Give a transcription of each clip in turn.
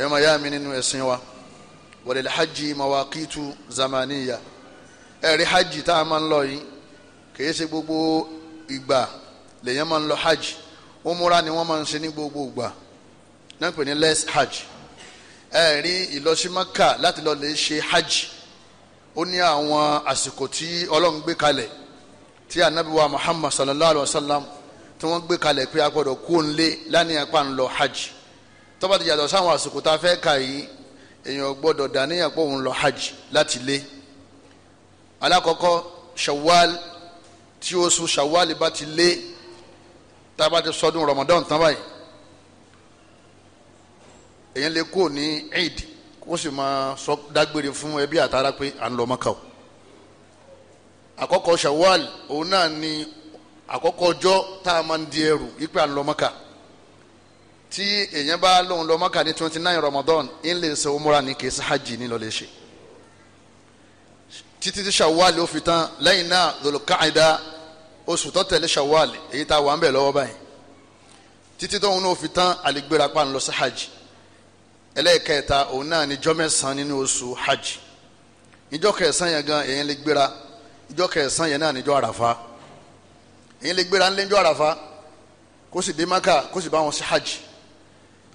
ẹ̀yọ́ máa yá mi nínú ẹ̀sìn wa wọlé hajj mawakitu zamaniya ẹ̀rí hajj tá a máa ń lọ yìí kìí ṣe gbogbo ìgbà lèyàn máa ń lọ hajj umura ni wọ́n máa ń ṣe ní gbogbo ìgbà náà pè ní less hajj ẹ̀rí ìlọsímọ́kà láti lọ lè ṣe hajj ó ní àwọn àsìkò tí ọlọ́run gbé kalẹ̀ tí anabiwa muhammad sallallahu alayhi wa sallam tí wọ́n gbé kalẹ̀ pé a gbọ́dọ̀ kó ń lé lánìí apá ń lọ hajj tó bá ti yàtọ̀ sáwọn àsìkò tá a fẹ́ kà yìí èèyàn gbọ́dọ̀ dàníyàn pé òun lọ hajj láti lé alákọ̀ọ́kọ́ shawwal tí oṣù shawwal bá ti lé tá a bá ti sọdún ramadan tán báyìí èèyàn lè kó ní eid kó sì máa sọ dágbére fún ẹbí àtàrà pé à ń lọ mọ́kà àkọ́kọ́ shawwal òun náà ni àkọ́kọ́ ọjọ́ tá a máa ń di ẹrù yí pé à ń lọ mọ́kà tí èèyàn bá lóun lọ mọ́kà ní twenty nine Ramadan ń lè ṣe umura ní kì í ṣe hajj ní lọ́lẹ́ ṣe títí tí Shawwal ó fi tán lẹ́yìn náà Dhul-Qa'dah oṣù tó tẹ̀lé Shawwal èyí tá a wà ń bẹ̀ lọ́wọ́ báyìí títí tóun náà fi tán àlìgbéra pa ń lọ sí hajj ẹlẹ́ẹ̀kẹta òun náà ní jọ́ mẹ́sàn-án nínú oṣù hajj ìjọ kẹsàn yẹn gan èyí lè gbéra ìjọ kẹsàn yẹn náà níjọ́ àràfà èyí lè gbéra ńlẹ́jọ́ àràfà kó sì dé Maka kó sì bá wọn sí hajj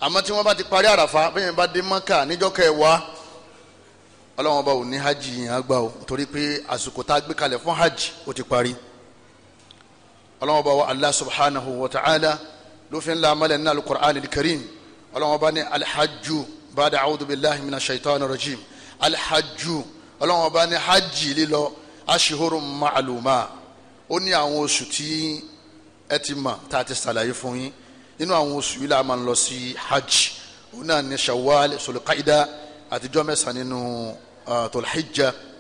àmọ́ tí wọ́n bá ti parí àràfà bẹ́ẹ̀ bá dé mọ́kà níjọ́ kẹwàá ọlọ́wọ́n bá ò ní hajj yìí á gbà ó torí pé àsìkò tá a gbé kalẹ̀ fún hajj ó ti parí ọlọ́wọ́n bá wa allah subhanahu wa ta'ala ló fi ń nínú alukur'an alkarim ọlọ́wọ́n bá ní alhajju bada awudu bilahi mina shaitan rajim alhajju ọlọ́wọ́n bá ní hajj lílọ ashihuru ma'aluma ó ní àwọn oṣù tí ẹ ti mọ̀ tá a ti ṣàlàyé fún yín nínú àwọn oṣù yìí la máa ń lọ sí hajj òun náà ní shawwal sulqaida àtijọ́ mẹ́sàn-án nínú tolhijja. Uh,